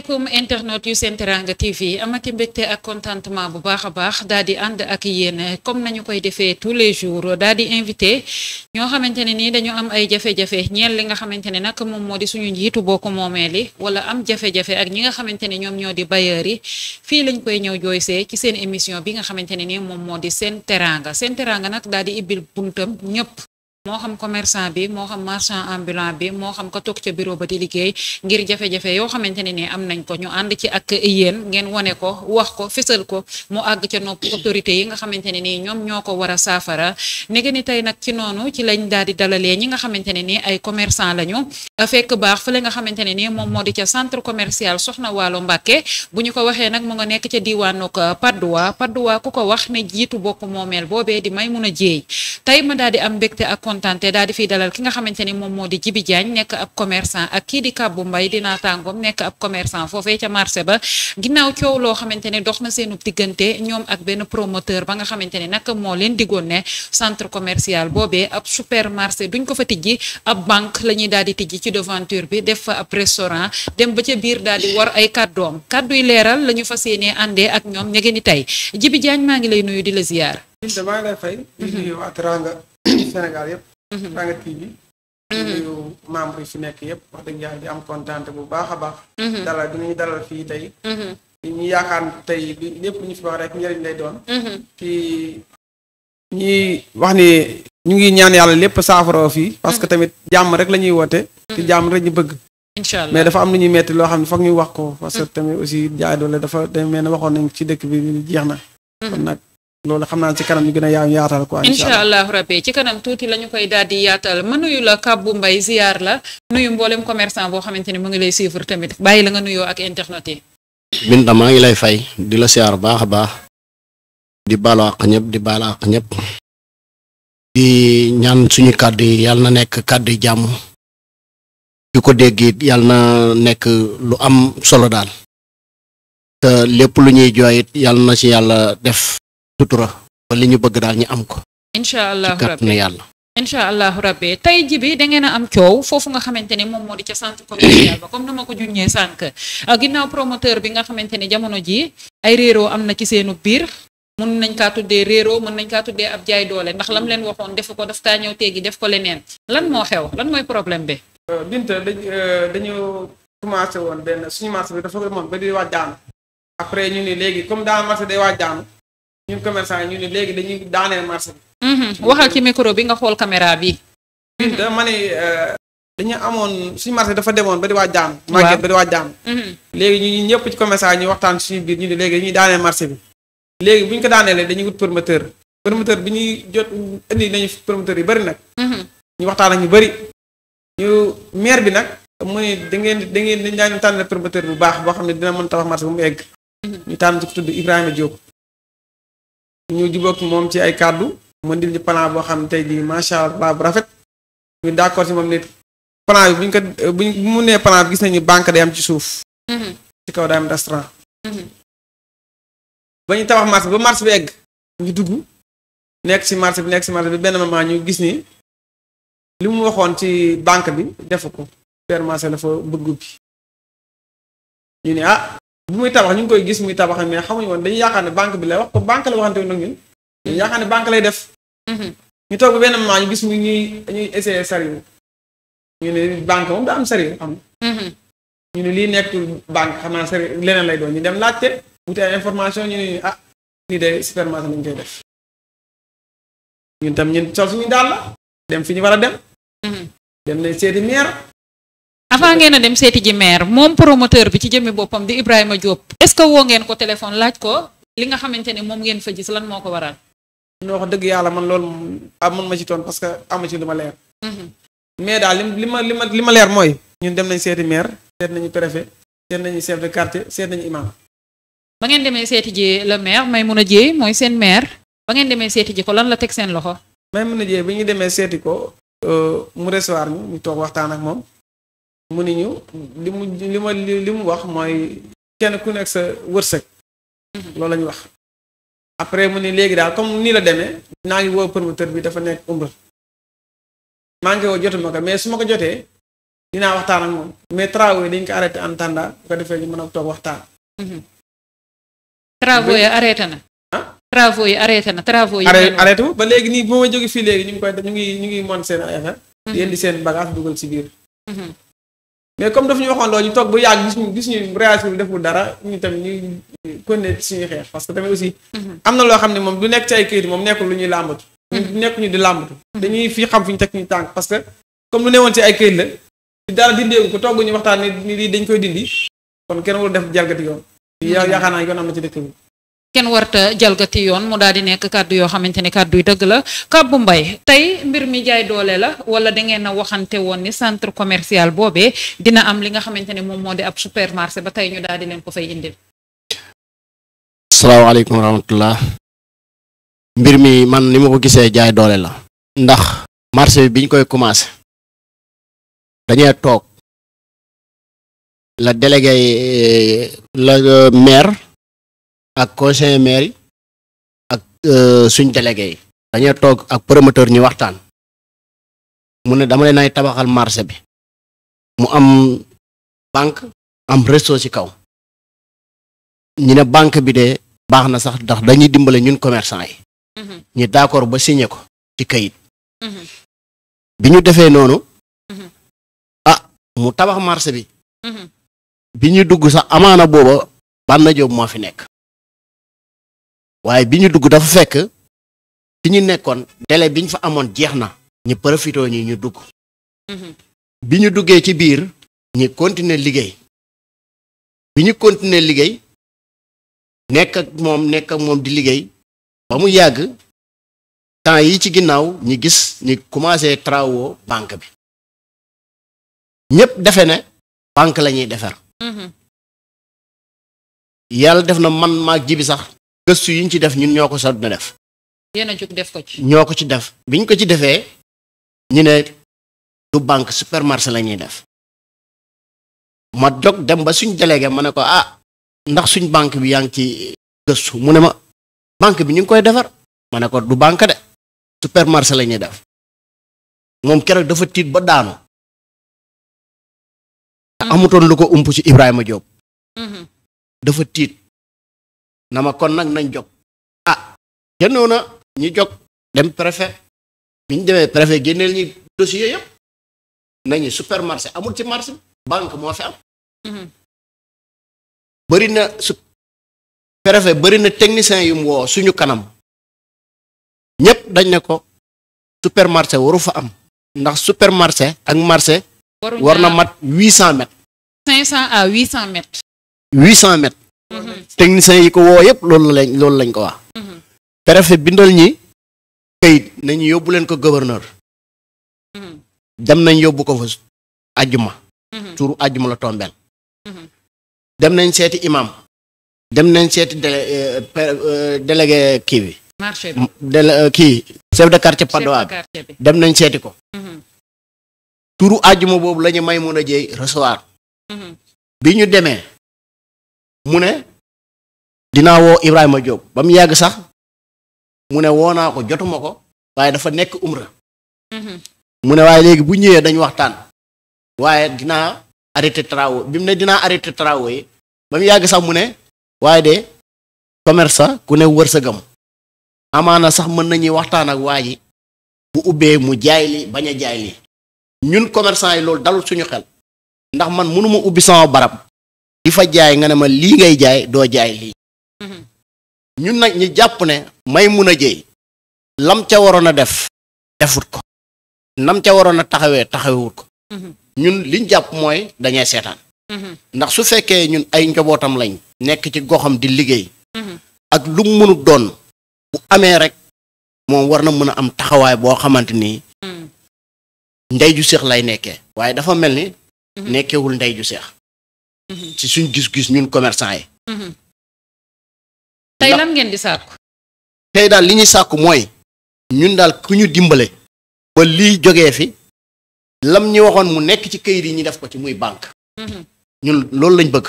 asalaamaaleykum internet yu seen teranga TV amati mbégte ak contentement bu baax a baax daal di ànd ak yéen comme nañu koy defee tous les jours daal di invité ñoo xamante ne nii dañu am ay jafe-jafe ñeel li nga xamante ne nag moom moo di suñu njiitu boo bokk moomeeli wala am jafe-jafe ak ñi nga xamante ne ñoom ñoo di bailleurs yi fii lañ koy ñëw jooysee ci seen émission bi nga xamante ne nii moom moo di seen teranga seen teranga nag daal di ibbil buntam ñëpp moo xam commerçant bi moo xam marchand ambulant bi moo xam ka toog ca bureau ba di liggéey ngir jafe-jafe yoo xamante ne ni am nañ ko ñu ànd ci ak yéen ngeen wane ko wax ko fésal ko mu àgg ca nopp autorité yi nga xamante ne nii ñoom ñoo ko war a saafara nege ni tey nag ci noonu ci lañ daal di dalalee ñi nga xamante ne nii ay commerçant lañu fekk baax fële nga xamante ne nii moom moo di ca centre commercial Soxna Waalo Mbàkke bu ñu ko waxee nag mu nga nekk ca diwaanuk Padoua Padoua ku ko wax ne jiitu bokk moomeel boobee di may mun a jéey tey kontante daal di fiy dalal ki nga xamante ni di Jibi Diagne nekk ab commerçant ak kii di Kabou Mbaye di naataangoom nekk ab commerçant foofee loo xamante ne dox na seenu diggante ñoom ak benn promoteur ba nga xamante ne nag moo leen digoon ne centre commercial boobee ab supermarché duñ ko fa tijji ab banque la ñuy daal di tijji ci devanture bi def fa ab restaurant dem ba ca biir daal war ay kàddoom kàddu yi leeral la ñu fas yéenee àndee ak ñoom ña ngeen ni tey Jibi Diagne maa ngi lay nuyu di la ziyaar. Sénégal yëpp. Mhm. Teranga TV. Mhm. nuyu membre yi fi nekk yëpp wax dëgg yàlla di am kontaan bu baax a baax. Mhm. dalal dinañu dalal fii tey. ñu yaakaar tey lépp ñu fi wax lay doon. ci ñi wax ni ñu ngi ñaan yàlla lépp saafara fii. parce que tamit jàmm rek la ñuy woote. ci jàmm rek ñu bëgg. incha mais dafa am lu ñuy metti loo xam ne foog ñu wax ko. parce que tamit aussi jaay doole dafa day mel ne waxoon nañ ci dëkk bi jeex na. nag loolu xam naa ci kanam ñu gën a yaatal quoi. incha allah rabbi ci kanam tuuti la koy daal di yaatal ma nuyu la Kabou Mbaye ziar la nuyu mboolem commerçant boo xamante ni mu ngi lay suivre tamit bàyyi la nga nuyoo ak internet yi. Binta maa ngi lay fay di la ziar baax a baax di baalu àq ñëpp di baalu àq ñëpp ñaan suñu kàddu yi yàlla na nekk kàddu yi jàmm di ko dégg it yàlla na nekk lu am solo daal lépp lu ñuy jooy it yàlla na ci yàlla def. sutura ba li ñu bëgg daal ñu am ko incha allah rabbi yàlla incha allah rabbi tey ji bi da ngeen a am coow foofu nga xamante moom moo di ca centre commercial ba comme na ma ko ah, promoteur bi nga xamante jamono ji ay réeroo am na ci seenu biir mën nañ kaa tuddee réeroo mën nañ kaa tuddee ab jaay doole ndax lam leen waxoon defu ko daf kaa ñëw teegi def ko leneen lan moo xew lan mooy problème bi euh, binta dañ euh, dañu commencé woon benn suñu marché bi dafa demoon ba di waaj daanu après ñu ni léegi comme daa marché day waaj daanu ñun commerçant ñu ne léegi dañuy daaneel marché bi. Mhm. waxal ci micro bi nga xool caméra bi. ñun de ma ne euh, dañu amoon suñu marché dafa demoon ba di waa jaam. waaw màgget ba di waa jaam. Mhm. léegi ñun ñëpp ci commerçant ñu waxtaan suñu biir ñu ne léegi dañuy bi. léegi bu ñu ko daaneelee dañuy wut bi ñuy jot indi nañu promoteur yu bëri nag. Mhm. ñu waxtaan ak ñu bëri. ñu maire bi nag. mu ne da ngeen da ngeen dañu daan tànn promoteur bu baax boo xam ne dina mën tabax marché bu mu egg. ñu tànn ci tudd Ibrahima Diop. ñu jubóog moom ci ay kàddu mu ndil ñu plan boo xam ne tey jii macha allah bu rafet ñu d'accord ci moom ne plan bi bu ñu ko bu ñu nee plan bi gis nañu banque day am ci suuf. Mhm. ci kaw day am restaurant. Mhm. ba ñu tabax marché ba marché bi egg ñu dugg nekk ci marché bi nekk ci marché bi benn moment ñu gis ni li mu waxoon ci banque bi defu ko permanence la fa bëgg bi ñu ne ah bu muy tabax ñu ngi koy gis muy tabax mais xamuñu woon dañuy yaakaar ne banque bi lay wax ko banque la waxante woon ak ñun ñu yaakaar ne banque lay def mhm. ñu toog ba benn moment ñu gis muy ñuy ñuy essayer sérieux ñu ne banque moom daa am sérieux am mhm. ñu ne lii nekk banque xam naa sérieux leneen lay doon ñu dem laajte wuti information ñu ne ah lii de supermarché lañ koy def ñun tam ñun sol suñu daal la dem fi ñu war a dem mhm. dem nañ seeti maire avant ngeen a dem seeti ji maire moom promoteur bi ci jëmmi boppam di Ibrahima Diop est-ce woo ngeen ko téléphone laaj ko li nga xamante ne moom ngeen fa gis lan moo ko waral. ñoo wax dëgg yàlla man loolu ah ma ci toon parce que ama ci mhm. li ma leer. mais daal li ma li ma li ma leer mooy. ñun dem nañ seeti maire seet nañu préfet seet nañu chef de quartier seet nañu imam. ba ngeen demee seeti ji le maire Maimouna Dièye mooy seen maire ba ngeen demee seeti ji ko lan la teg seen loxo. a Dièye bi ñu demee seeti ko euh, mu recevoir ñu ñu toog waxtaan ak moom. mu ni ñu li mu li ma li mu wax mooy kenn ku nekk sa wërsëg mhm. loolu la ñu wax après mu ni léegi daal comme nii la demee naa ngi woo promoteur bi dafa nekk umra maa ngi woo jotuma ko mais su ma ko jotee dinaa waxtaan ak moom mais travaux yi dañ ko arrêté en attendant bu ko defee ñu mën a toog waxtaan mhm. ah? travaux yi arrêté na travaux yi arrêté na travaux yi ba léegi nii bu ma jógee fii léegi ñu ngi koy ñu ngi ñu ngi mën seen ay affaire mhm. indi seen bagage dugal ci biir mais comme daf ñu waxoon loolu ñu toog ba yàgg gis ñu gis ñu réaction bi deful dara ñu tamit ñu connaît suñu xeex parce que tamit aussi. Mhm. am na loo xam ne moom lu nekk ci ay kayit moom nekkul lu ñuy làmbatu. ñu mhm. nekk ñu di làmbatu. Mhm. dañuy fii xam fi ñu teg ñu tànk parce que comme lu newoon ci ay kayit la. dara dindeegu ko togg ñu waxtaan ni lii dañ koy dindi kon kenn warul def jalgati yoon. yaa yaakaar naa yoon am na ci dëkk bi. kenn warta jalgati yoon mu daal di nekk kàddu yoo xamante ni kàddu yu dëgg la Kabou mbay tey mbir mi jaay doole la wala da ngeen a waxante woon ni centre commercial boobee dina am li nga xamante ne moom moo di ab supermarché ba tey ñu daal di leen ko fay indil. salaamaaleykum wa rahmatullah mbir mi man ni ma ko gisee jaay doole la. ndax marché bi biñ koy commencé. dañuy toog. la délégué euh, la euh, maire. ak conseil maire ak euh, suñ délégué yi. dañoo toog ak promoteur ñu waxtaan. mu ne dama leen ay tabaxal marché bi. mu am banque. am resto ci kaw. ñu ne banque bi de. baax na sax ndax dañuy dimbale ñun commerçant yi. Mm-hmm. ñu d'accord ba signé ko ci kayit. Mm-hmm. bi ñu defee noonu. Mm-hmm. ah mu tabax marché bi. bi ñu dugg sax amaana booba. Banna Diop moo fi nekk. waaye bi ñu dugg dafa fekk bi ñu nekkoon délai biñ fa amoon jeex na ñu profité ñi ñu dugg mhm. bi ñu duggee ci biir ñi continuer liggéey bi ñu continuer liggéey nekk ak moom nekk ak moom di liggéey ba mu yàgg temps yi ci ginnaaw ñi gis ñi commencé travaux banque bi ñépp defe ne banque lañuy ñuy defar mhm. yàlla def na man maag jibi sax gëstu yi ñu ci def ñun ñoo ko sant na def. yéen def ko ñoo ko ci def biñ ko ci defee ñu ne du banque supermarché la ñuy def ma dog dem ba suñ délégué ma ne ko ah ndax suñ banque bi yaa ngi ci gëstu mu ne ma banque bi ñu ngi koy defar ma ne ko du banque de supermarché la ñuy def moom keroog dafa tiit ba daanu. Ah. amutoon lu ko ump ci Ibrahima Diop. Mm-hmm. dafa tiit na ma kon nag nañ jog a ah, jëndoo na jog dem préfet bi ñu demee préfet génneel ñi dossier yëpp nañu supermarché amul ci marché banque moo fi am mhm. bëri na su préfet bëri na technicien yu mu woo suñu kanam ñëpp dañ ne ko supermarché waru fa am ndax supermarché ak marché war na mat huit cent mètres cent à huit cent mètres techniciens yi ko woo yëpp loolu lañ loolu lañ ko wax. préfet bindal ñi kayit nañu yóbbu leen ko gouverneur. dem nañ yóbbu ko fa ajjuma. turu ajjuma la tombeel dem nañ seeti imam. dem nañ seeti euh, euh, délégué kii bi. marché bi délégué euh, kii. chef de quartier Padoa bi dem nañ seeti ko. Mhm. turu ajjuma boobu lañu may mun a jéey recevoir. Mhm. bi ñu demee. mu ne dinaa woo Ibrahima Diop ba mu yàgg sax mu ne woo naa ko jotuma ko waaye dafa nekk umra mhm. mu ne waaye léegi bu ñëwee dañ waxtaan waaye dinaa arrêté travaux bi mu ne dinaa arrêté travaux yi ba mu yàgg sax mu ne waaye de commerce ku ne wërsëgam amaana sax mën nañuy waxtaan ak waa ji bu ubbee mu jaay li bañ a jaay li ñun commerçant yi loolu dalul suñu xel ndax man mënuma ubbi sama barab di fa jaay nga ne ma lii ngay jaay doo jaay lii mhm. ñun nag ñi jàpp ne may mun a jëy lam ca waroon a def defut ko nam ca waroon a taxawee taxawewut ko mhm. ñun liñ jàpp mooy dañuy seetaan mhm. ndax su fekkee ñun ay njobootam lañ nekk ci goxam di liggéey ak lu mu doon bu amee rek moom war na mën a am taxawaay boo xamante ni ndey ju seex lay nekkee waaye dafa mel ni nekkewul ndey ju seex Mm-hmm. ci suñ gis-gis ñun commerçant yi. Mm-hmm. tey lan di sàkku. daal li ñuy sàkku mooy. ñun daal ku ñu dimbale. ba lii jógee fi. lam ñu waxoon mu nekk ci këyit yi ñu def ko ci muy bànk mm-hmm. ñun loolu lañ bëgg.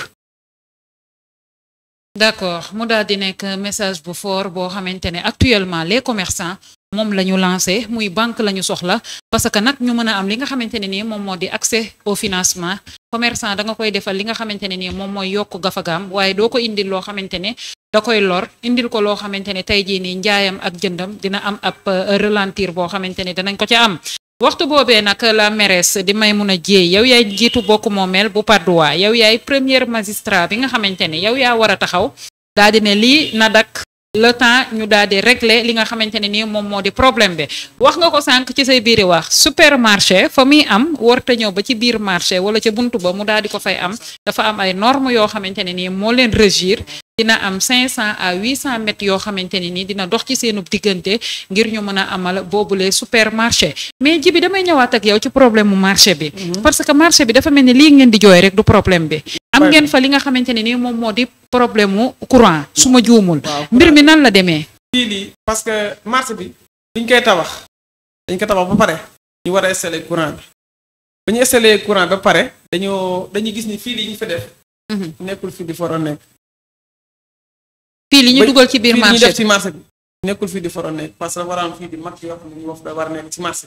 d'accord mu daal di nekk message bu fort boo xamante ne actuellement les commerçants moom la ñu lancé muy banque la ñu soxla parce que nag ñu mën a am li nga xamante ne nii moom moo di accès au financement commerçant danga koy defal li nga xamante ne nii moom mooy yokk gafagaam waaye doo ko indil loo xamante ne da koy lor indil ko loo xamante ne tey jii nii njaayam ak jëndam dina am ab euh, ralentir boo xamante ne danañ ko ci am waxtu boobee nag la mairesse di may mun a Dièye yow yaay njiitu bokk moomeel bu Patte d'Oie yow yaay premier magistrat bi nga xamante ne yow yaa war a taxaw le temps ñu daal di régler li nga xamante ne nii moom moo di problème bi wax nga ko sànq ci say biiri wax supermarché fa muy am warta ñëw ba ci biir marché wala ca bunt ba mu daal di ko fay am dafa am ay normes yoo xamante ne nii moo leen régir dina am 500 à 800 mètres yoo xamante ne nii dina dox ci seenub diggante ngir ñu mën a amal boobule supermarché mais ji bi damay ñëwaat ak yow ci problème mu marché bi. Mm-hmm. parce que marché bi dafa mel ni lii ngeen di jooy rek du problème bi. am ngeen fa li nga xamante ne ni moom moo di problème mu courant su ma juumul. mbir mi nan la demee. lii lii parce que marché bi dañ koy tabax dañ koy tabax ba pare ñu war a installé courant bi ba ñu installé courant ba pare dañoo dañuy gis ni fii lii ñu fa def. Mhm. nekkul fii di foroon nekk. fii li ñu dugal ci biir marché bi nekkul fii di foro nekk parce que war a am fii di mag yoo xam ne ñu war nekk ci marché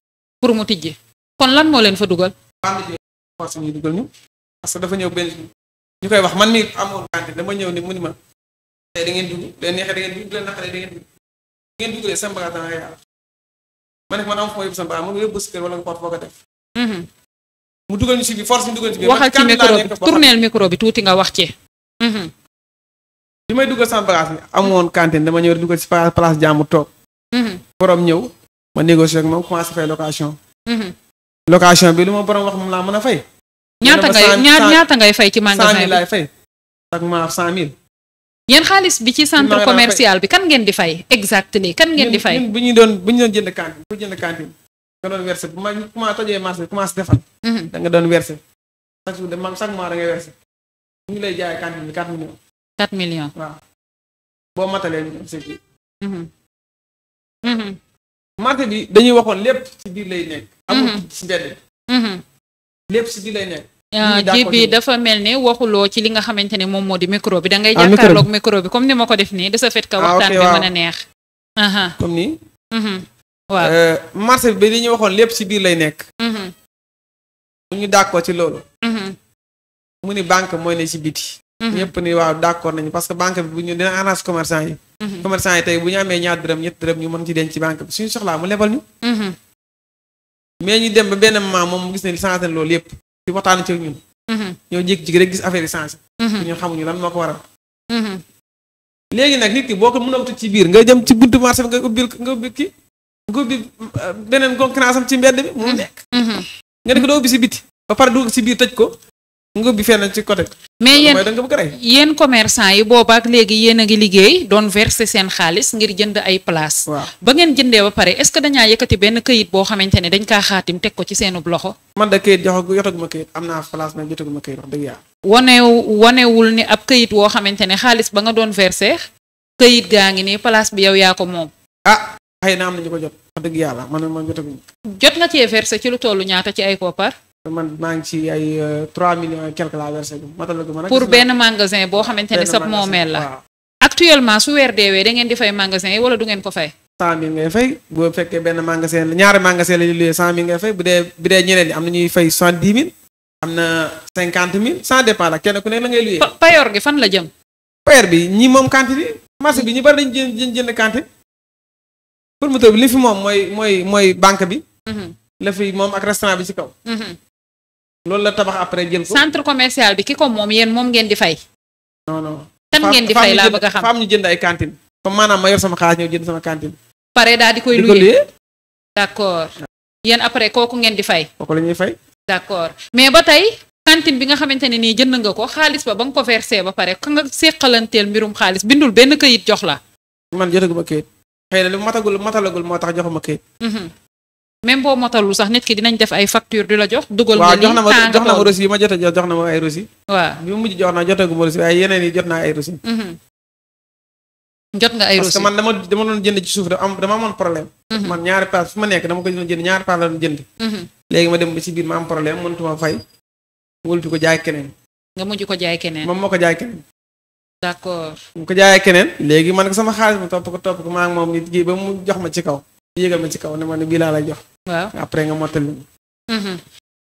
pour mu tijji kon lan moo leen fa dugal. force ñuy dugal ñu parce que dafa ñëw benn ñu koy wax man mi amoon gànte dama ñëw ni mu ni ma da ngeen dugg da neexee da ngeen dugg leen naqaree da ngeen dugg ngeen dugalee seen bagage dana yàlla ma ne man am fu ma yóbbu seen bagage ma yóbbu si kër wala nga porte foo ko def mhm. mu dugal ñu si bi force ñu dugal ñu si bi waxal ci micro bi tourneel micro bi tuuti nga wax ci mhm. bi may dugal sama bagage bi amoon cantine dama ñëw dugal si place jàmm toog mhm. borom ñëw ma négocier ak moom commencé fay location. Mhm. location bi lu ma borom wax moom laa mën a fay. ñaata ngay ñaata ngay fay ci magasin bi cent mille laay fay. ak ma cent mille. yéen xaalis bi ci centre commercial bi kan ngeen di fay exactement kan ngeen di fay. bu ñu doon bu ñu doon jënd cantine bu jënd cantine nga doon versé bu ma ma tojee marché commencé defal. Mhm. da nga doon versé. chaque jour de man chaque mois da ngay versé. ñu lay jaayee cantine bi quatre millions. quatre millions waaw. boo matalee ñu marché bi dañuy waxoon lépp ci biir lay nekk. amul mhm. ci mbedd mhm. lépp ci biir lay nekk. ji ah, bi dafa mel ne waxuloo ci li nga xamante ne moom moo di micro bi da ngay ah, jàkkaarloog micro bi comme ni ma ko def nii de ce fait que ah, waxtaan bi mën a neex comme nii mhm. euh, bi li ñu waxoon lépp ci biir lay nekk bu ñu d'accord ci loolu mu ni banque mooy ne ci biti ñëpp ni waaw d'accord nañu parce banque bi ñu dina arrange commerçant yi Mhm. commerçant yi tey bu ñu amee ñaar dërëm ñett dërëm ñu mën ci denc ci banque bi suñu soxlaa mu lebal ñu mhm. mais ñu dem ba benn moment moom mu gis ne changé loolu yëpp ci waxtaan ci ñun mhm. ñoo jékki-jékki gis affaire yi changé xamuñu lan moo ko waral léegi nag nit ki boo ko mën a wutu ci biir nga jëm ci buntu marché nga ubbi nga ubbi euh, beneen concurrence ci mbedd bi mu nekk nga ne doo ubbi si biti ba pare dugg si biir tëj ko nga bi fenn ci côté. mais yéen yéen commerçant yi booba ak léegi yéen a ngi liggéey doon verser seen xaalis ngir jënd ay place ba ngeen jëndee ba pare est-ce que dañaa yëkkati benn këyit boo xamante ne dañ kaa xaatim teg ko ci seenub loxo. man da këyit joxagu yotaguma këyit am naa place nag jotaguma këyit wax dëgg yàlla. wanewu wanewul ni ab kayit woo xamante ne xaalis ba nga doon verser këyit gaa ngi nii place bi yow yaa ko moom. ah xëy na am na ñu ko jot. wax dëgg yàlla man man jotaguma. jot nga cee verser ci lu ñaata ci ay koppar man maa ngi ci ay 3 euh, millions et quelque la versé xamante ne sab moomeel la actuellement su weer deewee da ngeen di fay magasin yi wala du ngeen ko fay cent mille ngay la ñaari magasin la ñu luyee cent mille ngay fay bu dee bu dee ñeneen ñi am na ñuy fay soixante dix la kenn ku nekk la gi fan la jëm payoor bi ñi moom quantité marché bi ñu bari dañu jënd jënd bi li moom mooy mooy mooy banque bi mhm. la fi moom ak restaurant bi ci kaw mhm. loolu la tabax après jël ko. centre commercial bi ki ko moom yéen moom ngeen di fay. non non tam ngeen di a xam faam ñu jënd ay cantine comme maanaam ma yor sama xaalis ñëw jënd sama cantine. pare daal di koy luyee d' accord yéen après kooku ngeen di fay. kooku la ñuy fay. d' accord mais ba tey. cantine bi nga xamante ne nii jënd nga ko xaalis ba ba nga ko versé ba pare ka nga séqalanteel mbirum xaalis bindul benn kayit jox la. man jotaguma kayit xëy na lu matagul matalagul moo tax joxuma kayit. Mhm. même boo motalul sax nit ki dinañ def ay facture di la jox. dugal nga ni jox na ma jox na ma reçu yi ma jot jox jox na ma ay reçu. waaw bi mu mujj jox naa jotagu ma reçu waaye yeneen yi mhm. nga ay reçu parce que man dama dama jënd ci suuf dama am dama amoon problème. Mhm. man ñaari paas fu ma nekk ko doon jënd ñaari paas la doon mhm. ma dem ba ci biir ma am problème mënutuma fay. wëlti ko jaay keneen. nga mujj ko jaay keneen. moom moo ko jaay keneen. d'accord. mu ko jaayee keneen. léegi man sama xaalis mu topp ko topp ko maa ngi moom nit gi ba mu jox ma ci kaw yéegal ci kaw ne ma ne bii jox. waaw après nga mottali. Mhm.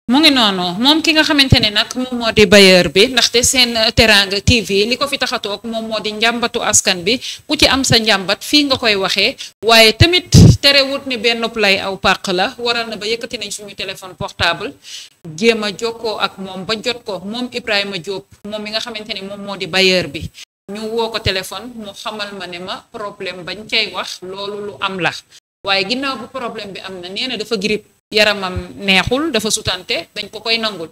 mu ngi noonu moom ki nga xamante ne nag moom moo di bailleur bi ndaxte seen teranga TV li ko fi tax moom moo di njàmbatu askan bi ku ci am sa njàmbat fii nga koy waxee waaye tamit terewut ni benn play aw pàq la waral na ba yëkkati nañ suñu téléphone portable jéem a jokkoo ak moom ba jot ko moom Ibrahima Diop moom mi nga xamante ne moom moo di bailleur bi ñu woo ko téléphone mu xamal ma ne ma problème bañ cay wax loolu lu am la waaye ginnaaw bu problème bi am na nee na dafa grippe yaramam neexul dafa sutante dañ ko koy nangul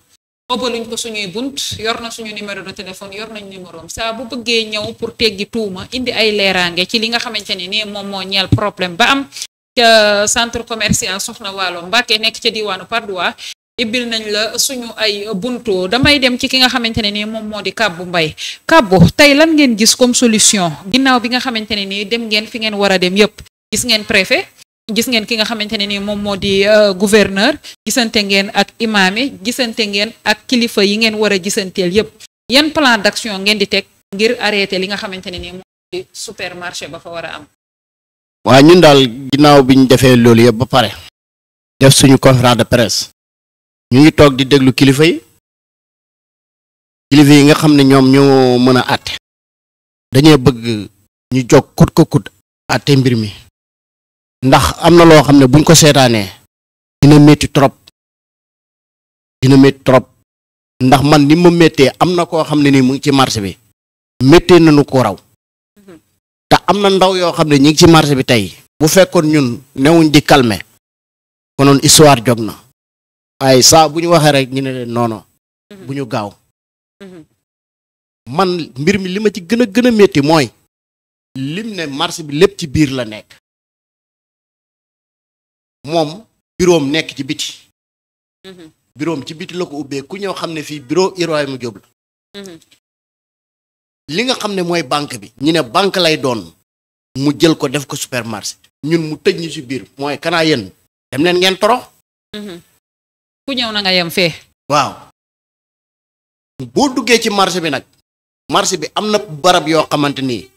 obaluñ ko suñuy bunt yor na suñu numéro de téléphone yor nañ numéroom saa bu bëggee ñëw pour teggi tuuma indi ay leeraange ci li nga xamante ne nii moom moo ñeel problème ba am ca centre commercial Soxna Waalo Mbàkke nekk ca diwaanu Padoua ibbil nañ la suñu ay buntu damay dem ci ki nga xamante ne nii moom moo di kàbbu mbay kàbbu tey lan ngeen gis comme solution ginnaaw bi nga xamante ne nii dem ngeen fi ngeen war a dem yépp gis ngeen préfet gis ngeen ki nga xamante ne ni moom moo di euh, gouverneur gisante ngeen ak imaam yi gisante ngeen ak kilifa yi ngeen war a gisanteel yépp yan plan d'action ngeen di teg ngir arrêté li nga xamante ne ni moom di supermarché ba fa war a am. waa ñun daal ginnaaw bi ñu defee loolu yëpp ba pare. def suñu conférence de presse. ñu ngi toog di déglu kilifa yi. kilifa yi nga xam ne ñoom ñoo mën a àtte. dañoo bëgg ñu jog kut ko kut àtte mbir mi. ndax am na loo xam ne buñ ko seetaanee dina métti trop dina métti trop ndax man ni ma méttee am na koo xam ne nii mu ngi ci marché bi méttee nañu ko raw te am na ndaw yoo xam ne ñi ngi ci marché bi tey bu fekkoon ñun newuñ di calmer konoon histoire jog na waaye saa bu ñu waxee rek ñu ne leen noono bu ñu gaaw man mbir mi li ma ci gën a gën a métti mooy lim ne marché bi lépp ci biir la nekk moom bureau nekk ci biti. Mhm. bureau ci biti la ko ubbee ku ñëw xam ne fii bureau Ibrahima Diop la. Mhm. li nga xam ne mooy banque bi. ñu ne banque lay doon. mu jël ko def ko supermarché. ñun mu tëj ñu ci biir mooy kanaa yéen. dem leen ngeen torox. Mhm. ku ñëw na nga yem fee. waaw. boo duggee ci marché bi nag. marché bi am na barab yoo xamante ni.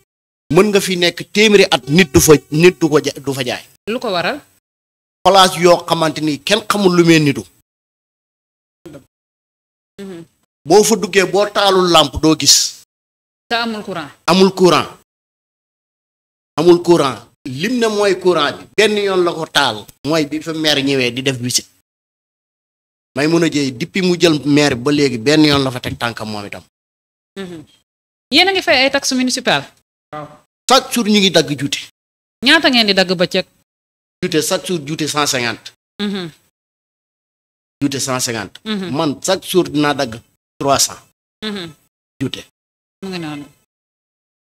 mën nga fi nekk téeméeri at nit du fa nit ko du fa jaay. lu ko waral. place yoo xamante ni kenn xamul lu mel nitu mhm. boo fa duggee boo taalul làmp doo gis. te amul courant. amul courant courant. lim ne mooy courant bi benn yoon la ko taal. mooy bi fa maire ñëwee di def visite. may mun a jëy depuis mu jël maire ba léegi benn yoon la fa teg tànkam moom itam. Mhm. yéen ngi fay ay taxes municipales. waaw ñu ngi dagg juuti. ñaata ngeen di dagg bëccëg. juute chaque jour juute cent cinquante mm-hmm. juute cent cinquante mm-hmm. man chaque jour dinaa dagg trois cent mm-hmm. juute mu ngi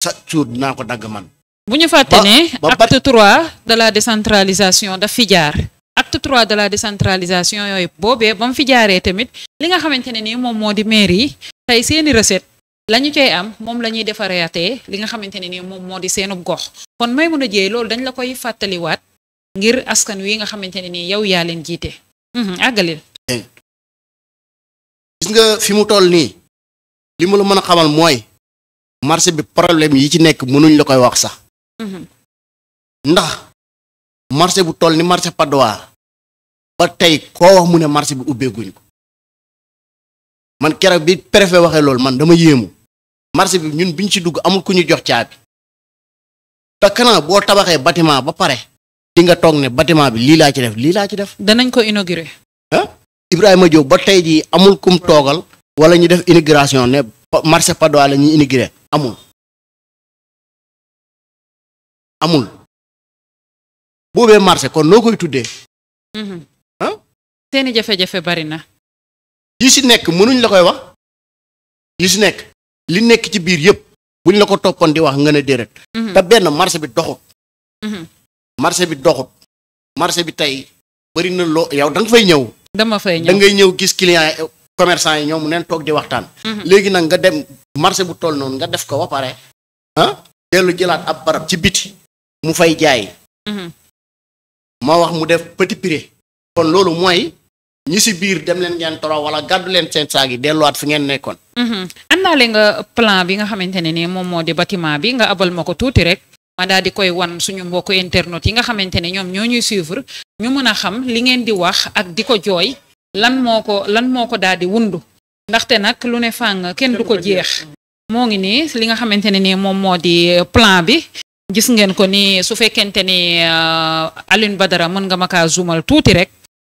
chaque jour dinaa ko dagg man bu ñu fàtte ne acte trois de la décentralisation daf fi jaar acte trois de la décentralisation yooyu boobee ba fi jaaree tamit li nga xamante ne nii moom moo di maire yi tey seeni recette la ñu am moom la ñuy defareatee li nga xamante ne nii moom moo di seenub gox kon may mën a jéey loolu dañ la koy fàttaliwaat ngir askan wi nga xamante ne nii yow yaa leen jiite. Mhm, àggalil. gis nga fi mu toll nii li ma la mën a xamal mooy marché bi problème yi ci nekk mënuñ la koy wax sax. Mhm. ndax marché bu toll ni marché Patte d'Oie ba tey koo wax mu ne marché bi ubbeeguñ ko man keroog bi préfet waxee loolu man dama yéemu. marché bi ñun biñ ci dugg amul ku ñu jox caabi. te kanam boo tabaxee bâtiment ba pare. di nga toog ne bâtiment bi lii laa ci def lii laa ci def. danañ ko inaugurer. ah Ibrahima Diop ba tey jii amul kum toogal. wala ñu def inauguration ne marché Patte d'Oie la ñuy inauguré amul. amul boobee marché kon noo koy tuddee. Mhm. Ah? seeni jafe-jafe bari na. yi si nekk mënuñ la koy wax yi si nekk li nekk ci biir yëpp buñ la ko toppoon di wax nga ne déedéet. Mhm. te benn marché bi doxut. Mhm. marché bi doxut marché bi tey bëri na loo yow da nga fay ñëw. dama fay ñëw da ngay ñëw gis client commerçant yi ñoom neen toog di waxtaan. Mhm. léegi nag nga dem marché bu toll noonu nga def ko ba pare. ah dellu jëlaat ab barab ci biti mu fay jaay. Mhm. ma wax mu def petit prix. kon loolu mooy. ñi si biir dem leen ngeen toro wala gàddu leen seen saag yi delluwaat fi ngeen nekkoon. àndaale mhm. nga euh, plan bi nga xamante ne ni moom moo di bâtiment bi nga abal ma ko tuuti rek. ma daal di koy wan suñu mbokku internet yi nga xamante ne ñoom ñoo ñuy suivre ñu mën a xam li ngeen di wax ak di ko jooy lan moo ko lan moo ko daal di wundu ndaxte nag lu ne fàng kenn du ko jeex moo ngi nii li nga xamante ne nii moom moo di plan bi gis ngeen ko ni su fekkente ne ni euh, ba dara mën nga ma kaa suumal tuuti rek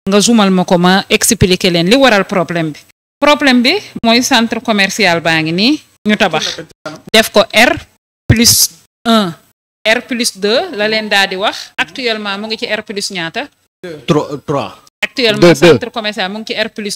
nga suumal ma ko ma expliquer leen li waral problème bi problème bi mooy centre commercial baa ngi nii ñu tabax def ko R plus 1 R plus 2 la leen daal di wax actuellement mu ngi ci R plus ñaata. 3 3. mu ngi ci R plus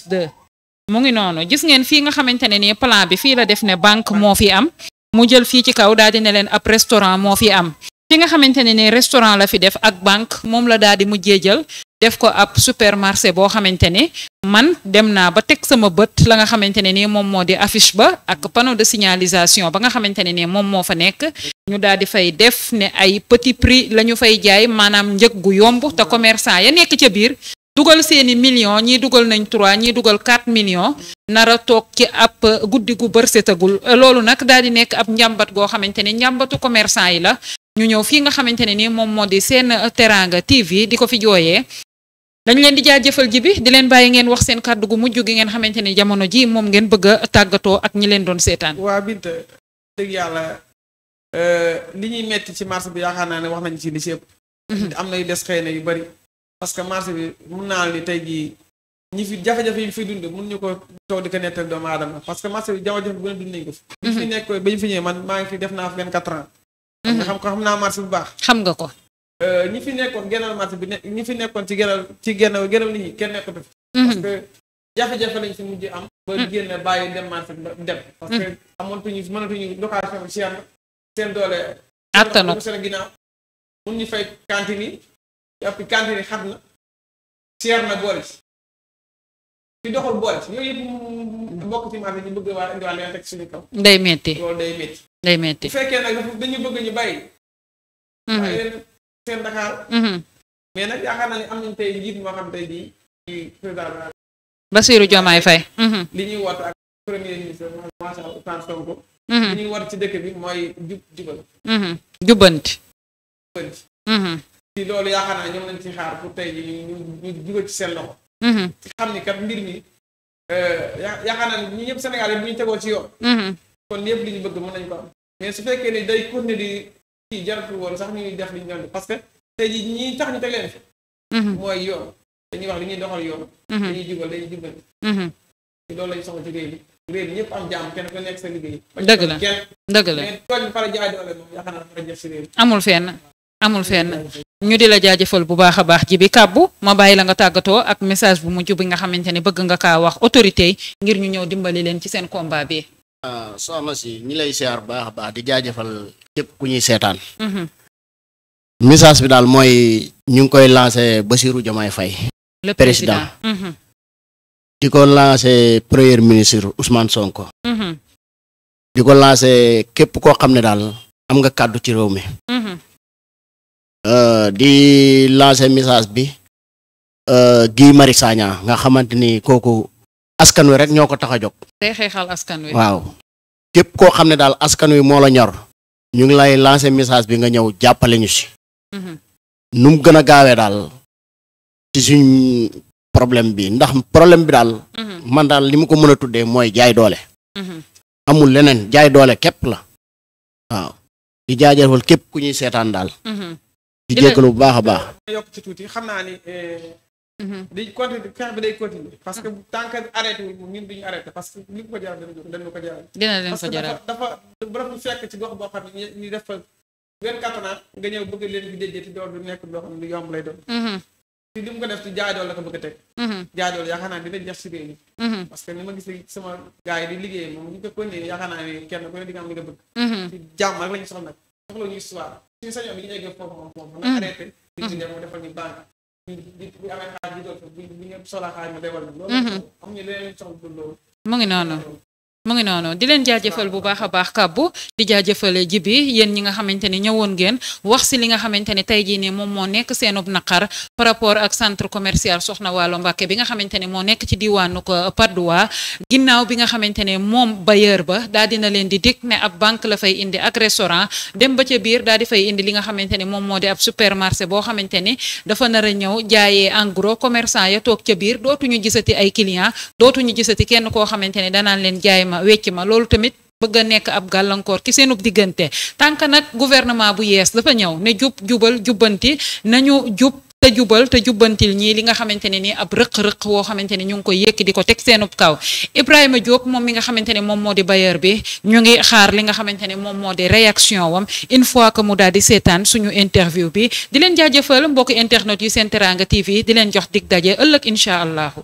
mu ngi noonu gis ngeen fii nga xamante ne nii plan bi fii la def ne banque moo fi am mu jël fii ci kaw daal di ne leen ab restaurant moo fi am fi nga xamante ne nii restaurant la fi def ak banque moom la daal di mujjee jël def ko ab supermarché boo xamante ni man dem naa ba teg sama bët la nga xamante ne nii moom moo di affiche ba ak panneau de signalisation ba nga xamante ne moom moo fa nekk ñu daal di fay def ne ay petit prix la ñu fay jaay maanaam njëg gu yomb te commerçant ya nekk ca biir dugal seeni million ñii dugal nañ trois ñii dugal quatre millions nara toog ci ab guddi gu bër setagul loolu nag daal di nekk ab njàmbat goo xamante ne njàmbatu commerçant yi la ñu ñëw fii nga xamante ne ni moom moo di seen teraanga TV di ko fi jooyee dañ leen di jëfal ji bi di leen bàyyi ngeen wax seen kàddu gu mujj gi ngeen xamante ne jamono ji moom ngeen bëgg a ak ñi leen doon seetaan. Euh, li ñuy metti ci marché bi yaakaar naa ne wax nañ ci li ci mhm. am na yu des xëy na yu bari parce que marché bi mun naa ni tey jii ñi fi jafe-jafe yi fi dund mun ñu ko toog di ko nettal doomu aadama parce que marché bi jafe bu ne dund nañ ko fi. bi mhm. fi nekk ba fi ñëwee man maa ngi fi def naa fi vingt-quatre ans. Mhm. xam ko xam naa marché bu baax. xam nga ko. Euh, ñi fi nekkoon gennal marché bi ne ñi fi nekkoon ci gennal ci gennal gennal nit ñi kenn nekkatu fi. parce jafe-jafe lañ si mujj am. ba génn bàyyi dem marché dem. parce que amatuñu mënatuñu seen doole. attanu seen ginnaaw mun ñu fay cantine yi yàpp cantine xat na seer na boole ci ci doxul boole ci yooyu yëpp bokk ci marché ñu bëgg waa indiwaale leen teg suñu kaw. day metti loolu day metti day metti fekkee nag dañu bëgg ñu bàyyi. Mhm. seen Dakar. Mhm. mais nag yaakaar naa mhm. li ñuy woote ak premier ministre macha allah Ousmane Mm-hmm. li ñuy war ci dëkk bi mooy jub jubal mm-hmm. jubbanti mm-hmm. ci loolu yaakaar naa ñoom lañ ci xaar pour tey ji ñu ñu jubal ci seen loxo ci xam ni kat mbir mi euh, yaakaar naa ñu ñëpp Sénégal yi bu ñu tegoo ci yoon kon yëpp li ñu bëgg mën nañ ko am mais su fekkee ni day continuer di ci jaratul woon sax ñuy dex li ñu doon parce que tey ji ñi tax ñu teg leen fi mooy yoon dañuy wax li ñuy doxal yoon dañuy jubal dañuy jubal loolu lañ soxla ci réew mi réew mi ñëpp dëgg la dëgg la amul fenn amul fenn ñu di la jaajëfal bu baax a baax ji bi kàbbu ma bàyyi la nga tàggatoo ak message bu mujj bi nga xamante ne bëgg nga kaa wax autorité yi ngir ñu ñëw dimbali leen ci seen combat bi. Ah, soxna ñi lay siyaar baax a baax di jaajëfal képp ku ñuy seetaan. Mhm. message bi daal mooy ñu ngi koy lancé Bassirou Diomaye Faye. le président. Mhm. di ko lancé premier ministre Ousmane Sonko. Mm-hmm. di ko lancé képp koo xam ne daal am nga kàddu ci réew mi. Mm-hmm. Euh, di lancé message bi euh, Guy Marius Sagna nga xamante ni kooku askan wi rek ñoo ko tax a jóg. day xeexal waaw képp koo xam ne daal askan wi moo la ñor. ñu ngi lay lancé message bi nga ñëw jàppale ñu si. nu mu gën a daal ci suñ problème bi ndax problème bi daal. Mhm. man daal li mu ko mën a tuddee mooy jaay doole. Mhm. amul leneen jaay doole képp la. waaw di jaajëfal képp ku ñuy seetaan daal. Mhm. di jégalu bu baax a baax. yokk ci tuuti xam naa ni. Eh, di continuer xeex bi day continuer parce que tant que arrêté wul ñun duñu arrêté parce que li ko jaral dañu ko jaral. dina leen ko jaral parce que dafa dafa bu fekk ci gox boo xam ne ñu def fa vingt-quatre ans nga ñëw bëgg leen di déjéti dool du nekk loo xam ne lu yomb lay doon. li mu ko def ci jaay dool la ko bëgg a teg mhm. jaay dool yaakaar naa dina jeex si réew mi parce que ni ma gis sama gars yi di liggéey moom ñu ko continuer yaakaar naa kenn ku di nga am li nga bëgg mhm. jàmm rek la soxla nag soxla ñu moom loolu mu ngi noonu mu ngi noonu di leen jaajëfal bu baax a baax kàbbu di jaajëfal jibi yéen ñi nga xamante ne ñëwoon ngeen wax si li nga xamante ne tey jii ne moom moo nekk seenub naqar par rapport ak centre commercial Soxna Waalo Mbàkke bi nga xamante ne moo nekk ci diwaanu ko Patte d'Oie ginnaaw bi nga xamante ne moom bailleur ba daa dina leen di dik ne ab banque la fay indi ak restaurant dem ba ca biir daa di fay indi li nga xamante ne moom moo de ab supermarché boo xamante ne dafa nar a ñëw jaayee en gros ya toog ca biir dootuñu gisati ay client ma wecc ma loolu tamit bëgg a nekk ab gàllankoor ci seenub diggante tànk nag gouvernement bu yees dafa ñëw ne jub jubal jubbanti nañu jub te jubal te jubbantil ñii li nga xamante ne nii ab rëq-rëq woo xamante ne ñu ngi koy yëkk di ko teg seenub kaw ma Diop moom mi nga xamante ne moom moo di bailleur bi ñu ngi xaar li nga xamante ne moom moo di réaction wam une fois que mu daal di seetaan suñu interview bi di leen jaajëfal mbokk internet yu Sen Teranga TV di leen jox dig ëllëg incha allahu